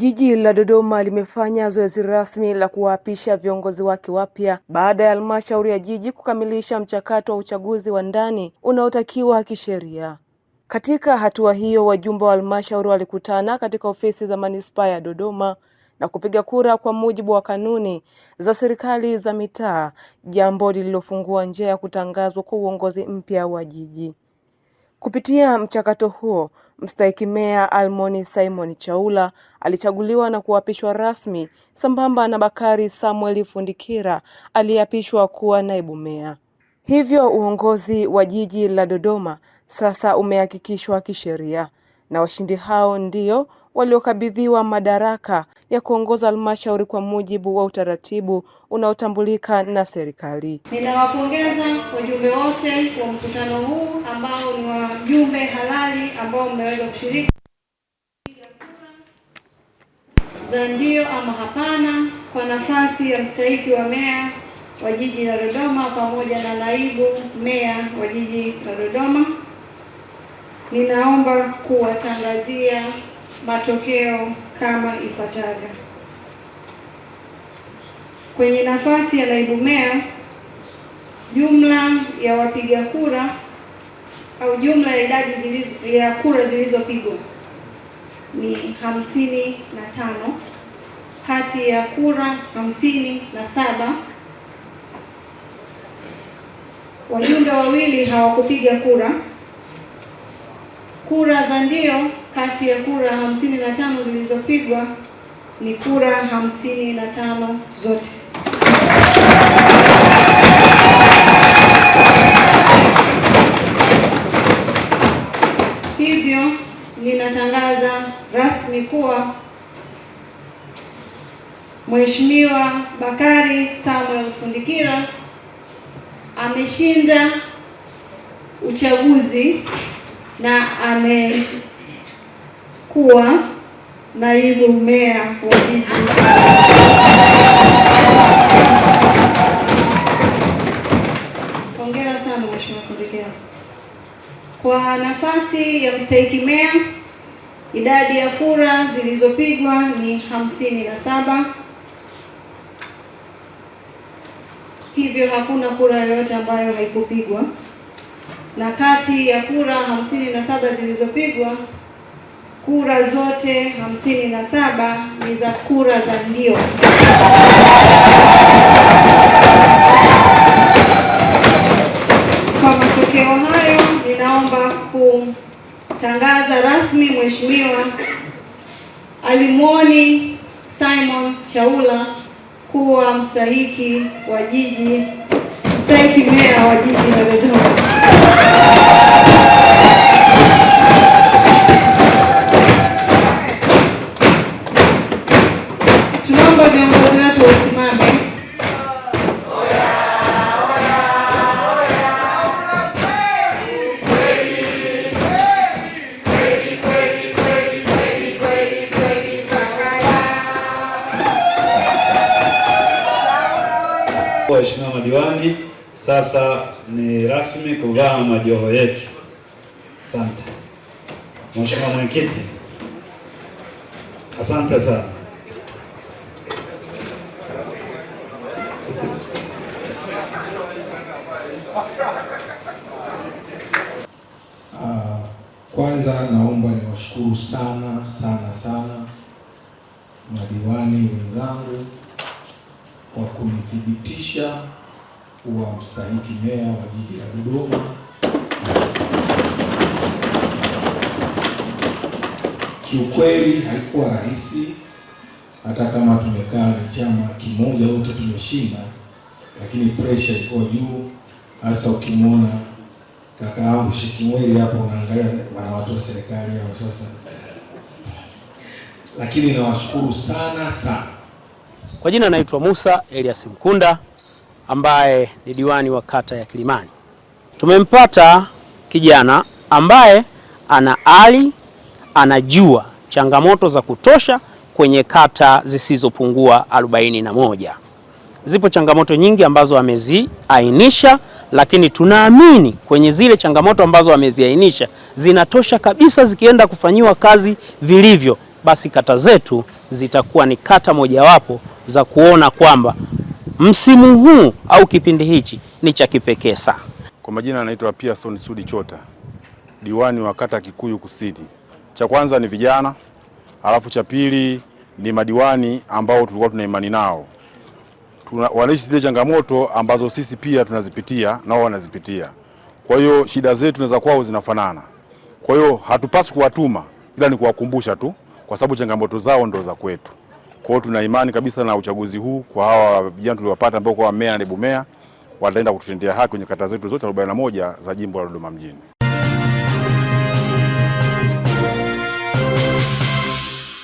Jiji la Dodoma limefanya zoezi rasmi la kuwaapisha viongozi wake wapya baada ya halmashauri ya jiji kukamilisha mchakato wa uchaguzi wa ndani unaotakiwa kisheria. Katika hatua hiyo, wajumbe wa halmashauri walikutana katika ofisi za manispaa ya Dodoma na kupiga kura kwa mujibu wa kanuni za serikali za mitaa, jambo lililofungua njia ya kutangazwa kwa uongozi mpya wa jiji. Kupitia mchakato huo, Mstahiki Meya almoni Simon Chaula alichaguliwa na kuapishwa rasmi sambamba na Bakari Samuel Fundikira aliyeapishwa kuwa naibu meya. Hivyo uongozi wa jiji la Dodoma sasa umehakikishwa kisheria na washindi hao ndio waliokabidhiwa madaraka ya kuongoza halmashauri kwa mujibu wa utaratibu unaotambulika na serikali. Ninawapongeza wajumbe wote wa mkutano huu ambao ni wajumbe halali ambao mmeweza kushiriki za ndio ama hapana kwa nafasi ya mstahiki wa meya wa jiji la Dodoma pamoja na naibu meya wa jiji la Dodoma. Ninaomba kuwatangazia matokeo kama ifuatavyo. Kwenye nafasi ya naibu meya, jumla ya wapiga kura au jumla ya idadi zilizo ya kura zilizopigwa ni hamsini na tano kati ya kura hamsini na saba wajumbe wawili hawakupiga kura. Kura za ndio kati ya kura hamsini na tano zilizopigwa ni kura hamsini na tano zote. Hivyo ninatangaza rasmi kuwa Mheshimiwa Bakari Samuel Fundikira ameshinda uchaguzi na amekuwa naibu meya wa jiji Hongera sana Mheshimiwa Kundekela kwa nafasi ya mstahiki meya. Idadi ya kura zilizopigwa ni hamsini na saba, hivyo hakuna kura yoyote ambayo haikupigwa na kati ya kura hamsini na saba zilizopigwa kura zote hamsini na saba ni za kura za ndio. Kwa matokeo hayo, ninaomba kutangaza rasmi Mheshimiwa Alimwoni Simon Chaula kuwa mstahiki wa jiji kumstaki meya wa jiji la Dodoma Waheshimiwa madiwani sasa ni rasmi kuvaa majoho yetu. Asante Mheshimiwa Mwenyekiti, asante sana. Ah, kwanza naomba niwashukuru sana sana sana madiwani wenzangu kwa kunithibitisha kuwa mstahiki meya wa jiji la Dodoma. Kiukweli haikuwa rahisi, hata kama tumekaa na chama kimoja wote tumeshinda, lakini presha ilikuwa juu, hasa ukimwona kaka yangu Shekimweri hapo, unaangalia wana watu wa serikali hao sasa. Lakini nawashukuru sana sana. Kwa jina naitwa Musa Elias Mkunda ambaye ni diwani wa kata ya Kilimani. Tumempata kijana ambaye ana ali, anajua changamoto za kutosha kwenye kata zisizopungua na moja Zipo changamoto nyingi ambazo ameziainisha, lakini tunaamini kwenye zile changamoto ambazo ameziainisha zinatosha kabisa, zikienda kufanyiwa kazi vilivyo, basi kata zetu zitakuwa ni kata mojawapo za kuona kwamba msimu huu au kipindi hichi ni cha kipekee sana. Kwa majina anaitwa Pearson Sudi Chota, diwani wa kata Kikuyu Kusini. Cha kwanza ni vijana, alafu cha pili ni madiwani ambao tulikuwa tuna imani nao, wanaishi zile changamoto ambazo sisi pia tunazipitia nao wanazipitia. Kwa hiyo shida zetu tunaweza kwao zinafanana. Kwa hiyo hatupaswi kuwatuma, ila ni kuwakumbusha tu, kwa sababu changamoto zao ndo za kwetu. Kwa hiyo tuna imani kabisa na uchaguzi huu kwa hawa vijana tuliwapata ambao kwa meya na naibu meya wataenda kututendea haki kwenye kata zetu zote 41 za jimbo la Dodoma mjini.